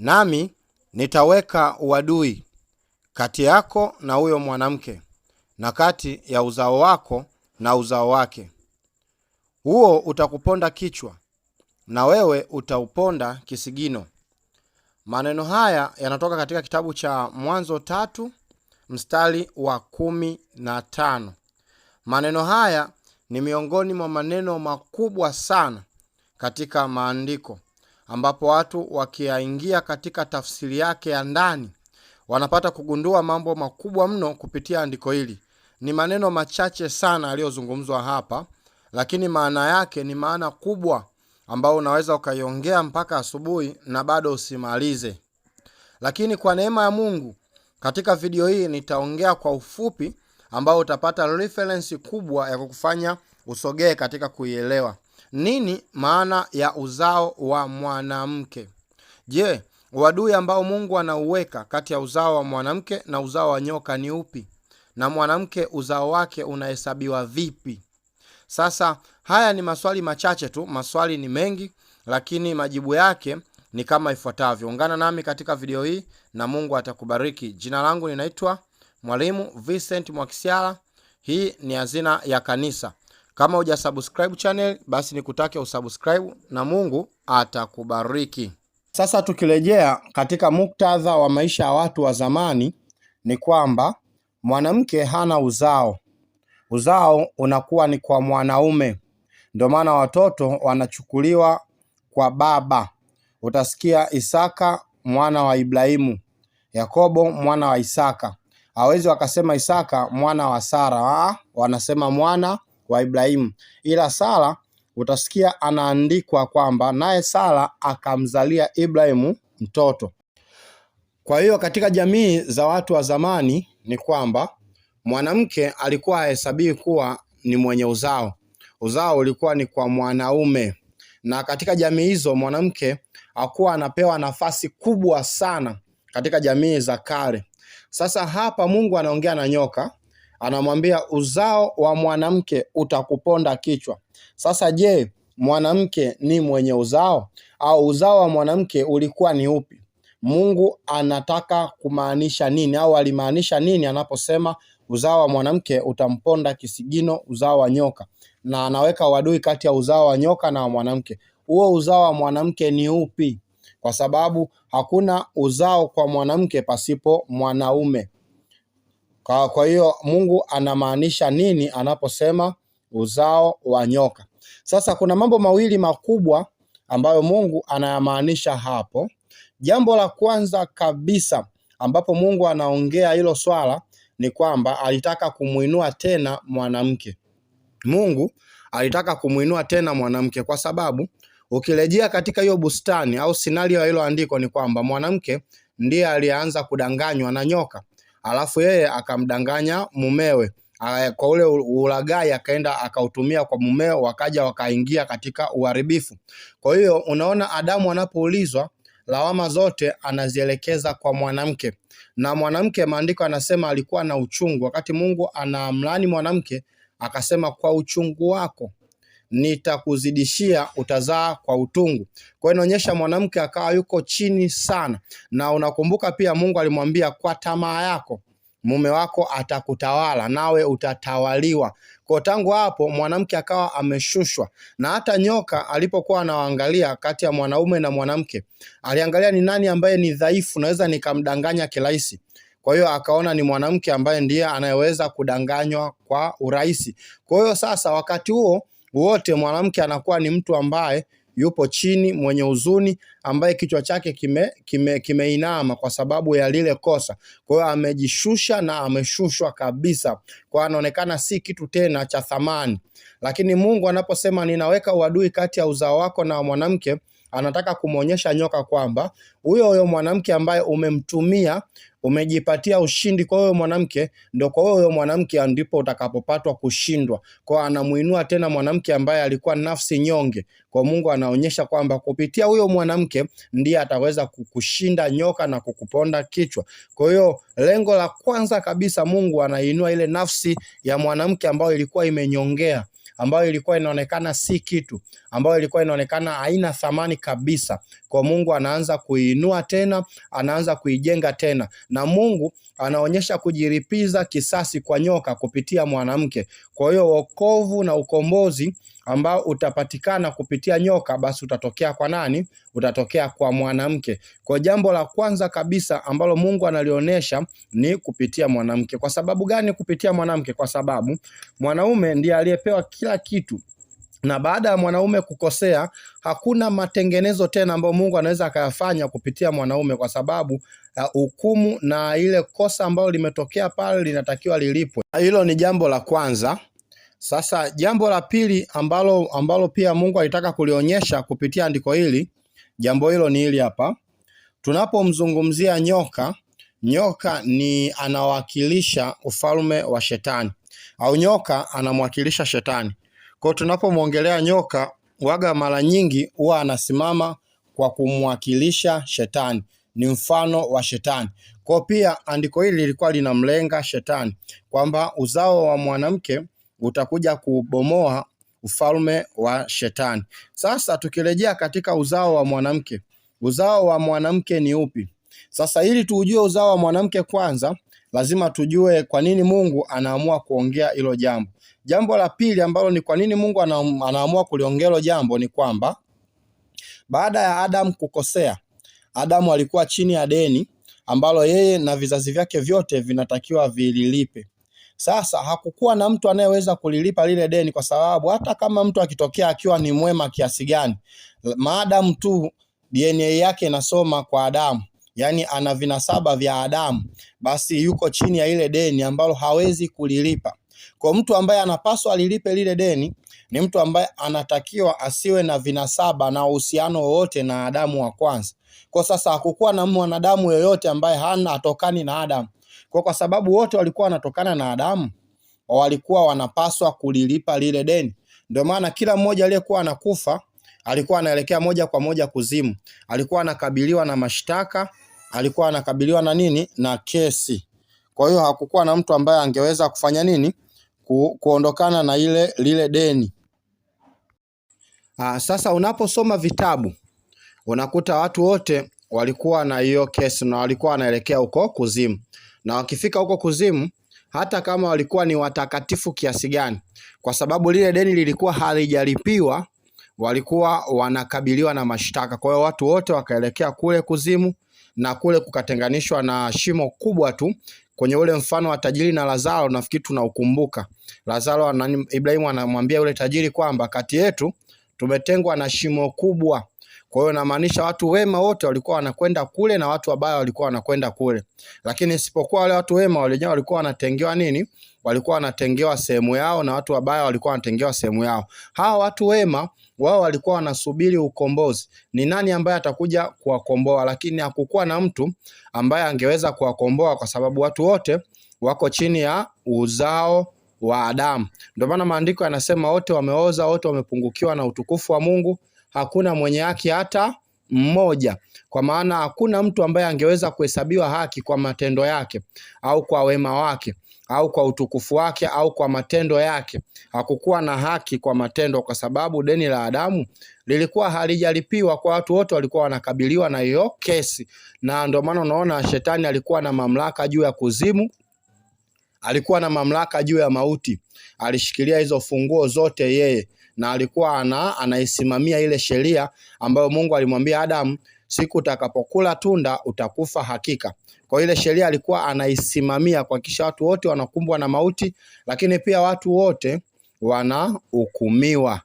nami nitaweka uadui kati yako na huyo mwanamke na kati ya uzao wako na uzao wake, huo utakuponda kichwa na wewe utauponda kisigino. Maneno haya yanatoka katika kitabu cha Mwanzo tatu mstari wa kumi na tano. Maneno haya ni miongoni mwa maneno makubwa sana katika maandiko ambapo watu wakiyaingia katika tafsiri yake ya ndani wanapata kugundua mambo makubwa mno kupitia andiko hili. Ni maneno machache sana yaliyozungumzwa hapa, lakini maana yake ni maana kubwa ambayo unaweza ukaiongea mpaka asubuhi na bado usimalize. Lakini kwa neema ya Mungu, katika video hii nitaongea kwa ufupi ambao utapata referensi kubwa ya kukufanya usogee katika kuielewa. Nini maana ya uzao wa mwanamke? Je, uadui ambao Mungu anauweka kati ya uzao wa mwanamke na uzao wa nyoka ni upi? Na mwanamke uzao wake unahesabiwa vipi? Sasa haya ni maswali machache tu, maswali ni mengi, lakini majibu yake ni kama ifuatavyo. Ungana nami katika video hii na Mungu atakubariki. Jina langu ninaitwa Mwalimu Vincent mwakisiala Hii ni Hazina ya Kanisa. Kama uja subscribe channel, basi kutake usubscribe na Mungu atakubariki. Sasa tukirejea katika muktadha wa maisha ya watu wa zamani, ni kwamba mwanamke hana uzao, uzao unakuwa ni kwa mwanaume. Ndio maana watoto wanachukuliwa kwa baba. Utasikia Isaka mwana wa Ibrahimu, Yakobo mwana wa Isaka. Hawezi wakasema Isaka mwana wa Sara, wanasema mwana wa Ibrahimu, ila Sara utasikia anaandikwa kwamba naye Sara akamzalia Ibrahimu mtoto. Kwa hiyo katika jamii za watu wa zamani ni kwamba mwanamke alikuwa hahesabiwi kuwa ni mwenye uzao, uzao ulikuwa ni kwa mwanaume, na katika jamii hizo mwanamke hakuwa anapewa nafasi kubwa sana katika jamii za kale. Sasa hapa Mungu anaongea na nyoka anamwambia uzao wa mwanamke utakuponda kichwa. Sasa je, mwanamke ni mwenye uzao au uzao wa mwanamke ulikuwa ni upi? Mungu anataka kumaanisha nini au alimaanisha nini anaposema uzao wa mwanamke utamponda kisigino, uzao wa nyoka? Na anaweka uadui kati ya uzao wa nyoka na wa mwanamke. Huo uzao wa mwanamke ni upi? Kwa sababu hakuna uzao kwa mwanamke pasipo mwanaume. Kwa, kwa hiyo Mungu anamaanisha nini anaposema uzao wa nyoka? Sasa kuna mambo mawili makubwa ambayo Mungu anayamaanisha hapo. Jambo la kwanza kabisa ambapo Mungu anaongea hilo swala ni kwamba alitaka kumwinua tena mwanamke. Mungu alitaka kumwinua tena mwanamke kwa sababu ukirejea katika hiyo bustani au sinario ya hilo andiko ni kwamba mwanamke ndiye alianza kudanganywa na nyoka alafu yeye akamdanganya mumewe kwa ule ulagai akaenda akautumia kwa mumeo, wakaja wakaingia katika uharibifu. Kwa hiyo unaona, Adamu anapoulizwa lawama zote anazielekeza kwa mwanamke, na mwanamke maandiko anasema alikuwa na uchungu, wakati Mungu anamlani mwanamke akasema kwa uchungu wako nitakuzidishia utazaa kwa utungu. Kwa hiyo inaonyesha mwanamke akawa yuko chini sana, na unakumbuka pia Mungu alimwambia kwa tamaa yako mume wako atakutawala nawe utatawaliwa. Kwa tangu hapo mwanamke akawa ameshushwa, na hata nyoka alipokuwa anaangalia kati ya mwanaume na mwanamke, aliangalia ni nani ambaye ni dhaifu, naweza nikamdanganya kirahisi. Kwa hiyo akaona ni mwanamke ambaye ndiye anayeweza kudanganywa kwa urahisi. Kwa hiyo sasa, wakati huo wote, mwanamke anakuwa ni mtu ambaye yupo chini, mwenye huzuni, ambaye kichwa chake kimeinama kime, kime kwa sababu ya lile kosa. Kwa hiyo amejishusha na ameshushwa kabisa, kwa anaonekana si kitu tena cha thamani. Lakini Mungu anaposema ninaweka uadui kati ya uzao wako na mwanamke, anataka kumwonyesha nyoka kwamba huyo huyo mwanamke ambaye umemtumia umejipatia ushindi kwa huyo mwanamke, ndo kwa wewe mwanamke ndipo utakapopatwa kushindwa. Kwa anamuinua tena mwanamke ambaye alikuwa nafsi nyonge, kwa Mungu anaonyesha kwamba kupitia huyo mwanamke ndiye ataweza kukushinda nyoka na kukuponda kichwa. Kwa hiyo lengo la kwanza kabisa, Mungu anainua ile nafsi ya mwanamke ambayo ilikuwa imenyongea ambayo ilikuwa inaonekana si kitu, ambayo ilikuwa inaonekana haina thamani kabisa kwa Mungu anaanza kuiinua tena, anaanza kuijenga tena, na Mungu anaonyesha kujiripiza kisasi kwa nyoka kupitia mwanamke. Kwa hiyo wokovu na ukombozi ambao utapatikana kupitia nyoka, basi utatokea kwa nani? Utatokea kwa mwanamke. Kwa jambo la kwanza kabisa ambalo Mungu analionyesha ni kupitia mwanamke. Kwa sababu gani kupitia mwanamke? Kwa sababu mwanaume ndiye aliyepewa kila kitu na baada ya mwanaume kukosea, hakuna matengenezo tena ambayo Mungu anaweza akayafanya kupitia mwanaume, kwa sababu uh, hukumu uh, na ile kosa ambalo limetokea pale linatakiwa lilipwe. Hilo ni jambo la kwanza. Sasa jambo la pili ambalo, ambalo pia Mungu alitaka kulionyesha kupitia andiko hili, jambo hilo ni hili hapa. Tunapomzungumzia nyoka, nyoka ni anawakilisha ufalme wa Shetani au nyoka anamwakilisha Shetani. Kwa tunapomwongelea nyoka, waga mara nyingi huwa anasimama kwa kumwakilisha shetani, ni mfano wa shetani. Kwa pia andiko hili lilikuwa linamlenga shetani kwamba uzao wa mwanamke utakuja kubomoa ufalme wa shetani. Sasa tukirejea katika uzao wa mwanamke, uzao wa mwanamke ni upi? Sasa ili tuujue uzao wa mwanamke kwanza, lazima tujue kwa nini Mungu anaamua kuongea hilo jambo. Jambo la pili ambalo ni kwa nini Mungu anaamua kuliongelo jambo ni kwamba baada ya Adamu kukosea, Adamu alikuwa chini ya deni ambalo yeye na vizazi vyake vyote vinatakiwa vililipe. Sasa hakukuwa na mtu anayeweza kulilipa lile deni, kwa sababu hata kama mtu akitokea akiwa ni mwema kiasi gani, maadamu tu DNA yake inasoma kwa Adamu, yaani ana vinasaba vya Adamu, basi yuko chini ya ile deni ambalo hawezi kulilipa. Kwa mtu ambaye anapaswa alilipe lile deni ni mtu ambaye anatakiwa asiwe na vinasaba na uhusiano wowote na Adamu wa kwanza. Kwa sasa hakukuwa na mwanadamu yoyote ambaye hana atokani na Adamu. Kwa kwa sababu wote walikuwa wanatokana na Adamu, walikuwa wanapaswa kulilipa lile deni. Ndio maana kila mmoja aliyekuwa anakufa alikuwa anaelekea moja kwa moja kuzimu, alikuwa anakabiliwa na mashtaka, alikuwa anakabiliwa na nini, na kesi. Kwa hiyo hakukuwa na mtu ambaye angeweza kufanya nini ku, kuondokana na ile lile deni. Aa, ah, sasa unaposoma vitabu unakuta watu wote walikuwa na hiyo kesi na walikuwa wanaelekea huko kuzimu, na wakifika huko kuzimu hata kama walikuwa ni watakatifu kiasi gani, kwa sababu lile deni lilikuwa halijalipiwa, walikuwa wanakabiliwa na mashtaka. Kwa hiyo watu wote wakaelekea kule kuzimu, na kule kukatenganishwa na shimo kubwa tu kwenye ule mfano wa tajiri na Lazaro, nafikiri tunaukumbuka. Lazaro, Ibrahimu anamwambia yule tajiri kwamba kati yetu tumetengwa na shimo kubwa kwa hiyo inamaanisha watu wema wote walikuwa wanakwenda kule na watu wabaya walikuwa wanakwenda kule, lakini isipokuwa wale watu wema wenyewe walikuwa wanatengewa nini? Walikuwa wanatengewa sehemu yao, na watu wabaya walikuwa wanatengewa sehemu yao. Hawa watu wema wao walikuwa wanasubiri ukombozi, ni nani ambaye atakuja kuwakomboa, lakini hakukuwa na mtu ambaye angeweza kuwakomboa kwa sababu watu wote wako chini ya uzao wa Adamu. Ndio maana maandiko yanasema wote wameoza, wote wamepungukiwa na utukufu wa Mungu, hakuna mwenye haki hata mmoja, kwa maana hakuna mtu ambaye angeweza kuhesabiwa haki kwa matendo yake au kwa wema wake au kwa utukufu wake au kwa matendo yake. Hakukuwa na haki kwa matendo, kwa sababu deni la Adamu lilikuwa halijalipiwa, kwa watu wote walikuwa wanakabiliwa na hiyo kesi, na ndio maana unaona shetani alikuwa na mamlaka juu ya kuzimu alikuwa na mamlaka juu ya mauti, alishikilia hizo funguo zote yeye na alikuwa ana anaisimamia ile sheria ambayo Mungu alimwambia Adamu, siku utakapokula tunda utakufa hakika. Kwa ile sheria alikuwa anaisimamia kuhakikisha watu wote wanakumbwa na mauti, lakini pia watu wote wanahukumiwa.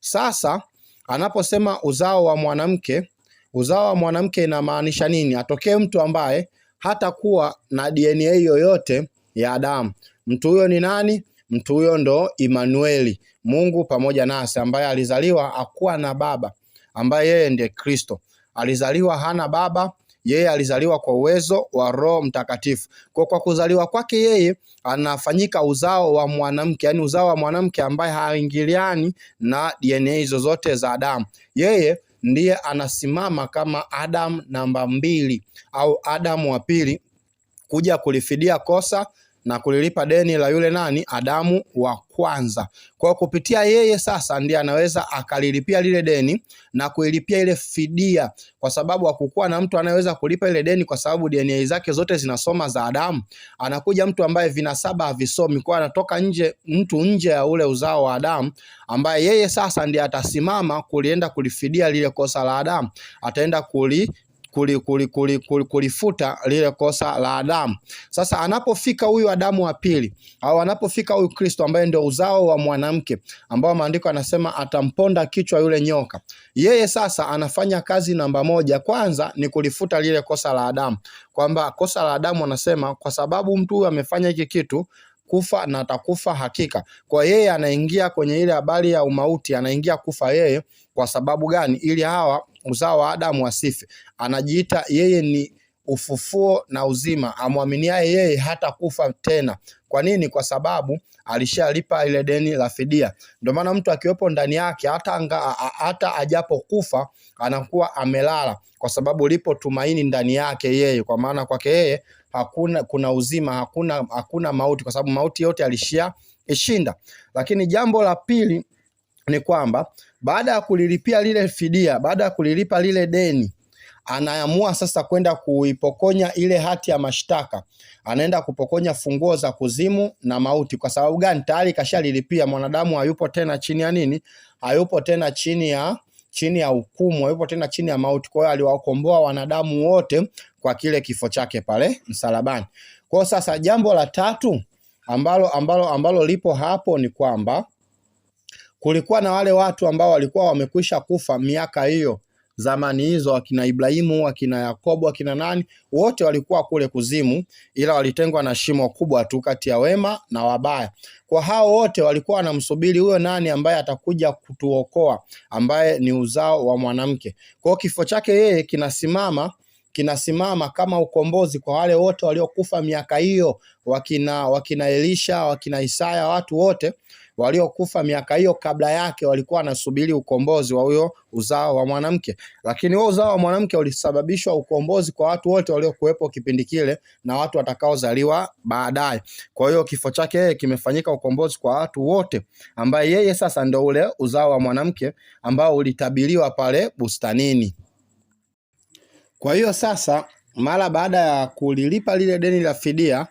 Sasa anaposema uzao wa mwanamke, uzao wa mwanamke inamaanisha nini? Atokee mtu ambaye hata kuwa na DNA yoyote ya Adamu. Mtu huyo ni nani? Mtu huyo ndo Emanueli. Mungu pamoja nasi, ambaye alizaliwa akuwa na baba, ambaye yeye ndiye Kristo. Alizaliwa hana baba, yeye alizaliwa kwa uwezo wa Roho Mtakatifu. Kwa kwa kuzaliwa kwake yeye anafanyika uzao wa mwanamke, yaani uzao wa mwanamke ambaye haingiliani na DNA zozote za Adamu. Yeye ndiye anasimama kama Adamu namba mbili au Adamu wa pili kuja kulifidia kosa na kulilipa deni la yule nani Adamu wa kwanza. Kwa kupitia yeye sasa ndiye anaweza akalilipia lile deni na kuilipia ile fidia, kwa sababu hakukuwa na mtu anayeweza kulipa ile deni, kwa sababu DNA zake zote zinasoma za Adamu. Anakuja mtu ambaye vinasaba havisomi, kwa anatoka nje, mtu nje ya ule uzao wa Adamu, ambaye yeye sasa ndiye atasimama kulienda kulifidia lile kosa la Adamu, ataenda kuli kulifuta kuli, kuli, kuli, kuli lile kosa la Adamu. Sasa anapofika huyu Adamu wa pili au anapofika huyu Kristo ambaye ndio uzao wa mwanamke ambao maandiko anasema atamponda kichwa yule nyoka, yeye sasa anafanya kazi namba moja, kwanza ni kulifuta lile kosa la Adamu, kwamba kosa la Adamu anasema kwa sababu mtu huyu amefanya hiki kitu kufa na atakufa hakika. Kwa yeye anaingia kwenye ile habari ya umauti, anaingia kufa yeye kwa sababu gani? Ili hawa uzao wa Adamu wasife. Anajiita yeye ni ufufuo na uzima, amwaminiaye yeye hata kufa tena. Kwa nini? Kwa sababu alishalipa ile deni la fidia. Ndio maana mtu akiwepo ndani yake hata, anga, hata ajapokufa anakuwa amelala, kwa sababu lipo tumaini ndani yake yeye, kwa maana kwake yeye hakuna kuna uzima, hakuna, hakuna mauti, kwa sababu mauti yote alishia ishinda. Lakini jambo la pili ni kwamba baada ya kulilipia lile fidia, baada ya kulilipa lile deni, anaamua sasa kwenda kuipokonya ile hati ya mashtaka, anaenda kupokonya funguo za kuzimu na mauti. Kwa sababu gani? Tayari kashalilipia. Mwanadamu hayupo tena chini ya nini? Hayupo tena chini ya chini ya hukumu, hayupo tena chini ya mauti. Kwa hiyo aliwakomboa wanadamu wote kwa kile kifo chake pale msalabani. Kwa sasa jambo la tatu ambalo, ambalo, ambalo lipo hapo ni kwamba kulikuwa na wale watu ambao walikuwa wamekwisha kufa miaka hiyo zamani hizo, akina Ibrahimu, akina Yakobo, akina nani, wote walikuwa kule kuzimu, ila walitengwa na shimo kubwa tu kati ya wema na wabaya. Kwa hao wote walikuwa wanamsubiri huyo nani ambaye atakuja kutuokoa, ambaye ni uzao wa mwanamke. Kwa hiyo kifo chake yeye kinasimama kinasimama kama ukombozi kwa wale wote waliokufa miaka hiyo, wakina wakina Elisha, wakina Isaya, watu wote waliokufa miaka hiyo kabla yake walikuwa wanasubiri ukombozi wa huyo uzao wa mwanamke, lakini huo uzao wa mwanamke ulisababishwa ukombozi kwa watu wote waliokuwepo kipindi kile na watu watakaozaliwa baadaye. Kwa hiyo kifo chake yeye kimefanyika ukombozi kwa watu wote, ambaye yeye sasa ndio ule uzao wa mwanamke ambao ulitabiriwa pale bustanini. Kwa hiyo sasa, mara baada ya kulilipa lile deni la fidia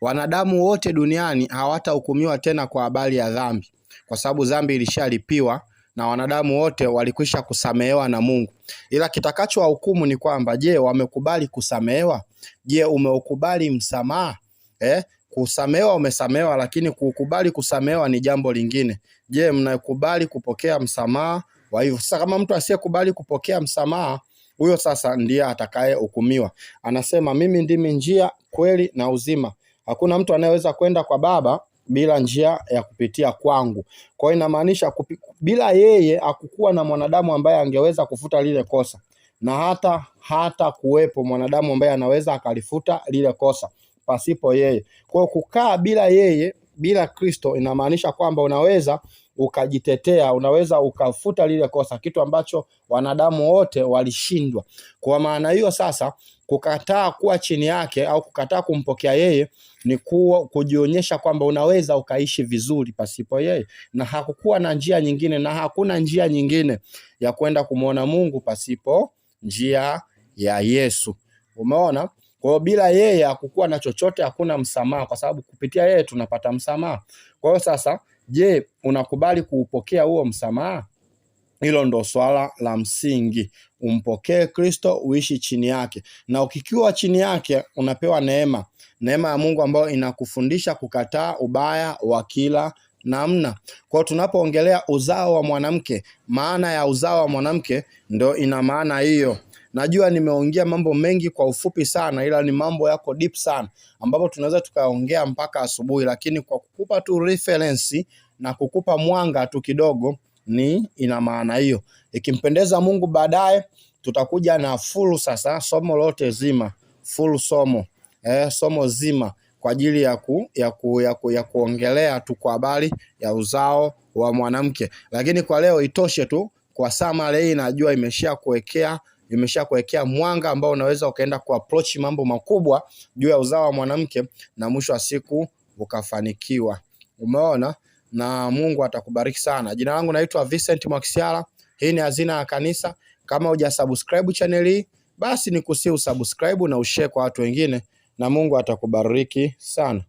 Wanadamu wote duniani hawatahukumiwa tena kwa habari ya dhambi, kwa sababu dhambi ilishalipiwa na wanadamu wote walikwisha kusamehewa na Mungu, ila kitakachowahukumu ni kwamba, je, wamekubali kusamehewa? Je, umeukubali msamaha eh? Kusamehewa umesamehewa, lakini kukubali kusamehewa ni jambo lingine. Je, mnakubali kupokea msamaha wa hivyo sasa? Kama mtu asiyekubali kupokea msamaha, huyo sasa ndiye atakayehukumiwa. Anasema, mimi ndimi njia, kweli na uzima. Hakuna mtu anayeweza kwenda kwa Baba bila njia ya kupitia kwangu. Kwa hiyo inamaanisha bila yeye hakukuwa na mwanadamu ambaye angeweza kufuta lile kosa, na hata hata kuwepo mwanadamu ambaye anaweza akalifuta lile kosa pasipo yeye. Kwa hiyo kukaa bila yeye, bila Kristo, inamaanisha kwamba unaweza ukajitetea, unaweza ukafuta lile kosa, kitu ambacho wanadamu wote walishindwa. Kwa maana hiyo sasa Kukataa kuwa chini yake au kukataa kumpokea yeye ni kuwa kujionyesha kwamba unaweza ukaishi vizuri pasipo yeye, na hakukuwa na njia nyingine, na hakuna njia nyingine ya kwenda kumwona Mungu pasipo njia ya Yesu. Umeona? Kwa hiyo bila yeye hakukuwa na chochote, hakuna msamaha, kwa sababu kupitia yeye tunapata msamaha. Kwa hiyo sasa, je, unakubali kuupokea huo msamaha? Hilo ndo swala la msingi. Umpokee Kristo, uishi chini yake, na ukikiwa chini yake unapewa neema, neema ya Mungu ambayo inakufundisha kukataa ubaya wa kila namna. Kwa tunapoongelea uzao wa mwanamke, maana ya uzao wa mwanamke ndo ina maana hiyo. Najua nimeongea mambo mengi kwa ufupi sana, ila ni mambo yako deep sana, ambapo tunaweza tukaongea mpaka asubuhi, lakini kwa kukupa tu reference na kukupa mwanga tu kidogo ni ina maana hiyo. Ikimpendeza Mungu, baadaye tutakuja na full sasa somo lote zima, full somo eh, somo zima kwa ajili ya, ku, ya, ku, ya, ku, ya kuongelea tu kwa habari ya uzao wa mwanamke, lakini kwa leo itoshe tu kwa summary hii. Najua imesha kuwekea imesha kuwekea mwanga ambao unaweza ukaenda approach mambo makubwa juu ya uzao wa mwanamke na mwisho wa siku ukafanikiwa. Umeona? na Mungu atakubariki sana. Jina langu naitwa Vincent Mwakisyala. Hii ni Hazina ya Kanisa. Kama hujasubscribe channel hii, basi ni kusi usubscribe na ushare kwa watu wengine, na Mungu atakubariki sana.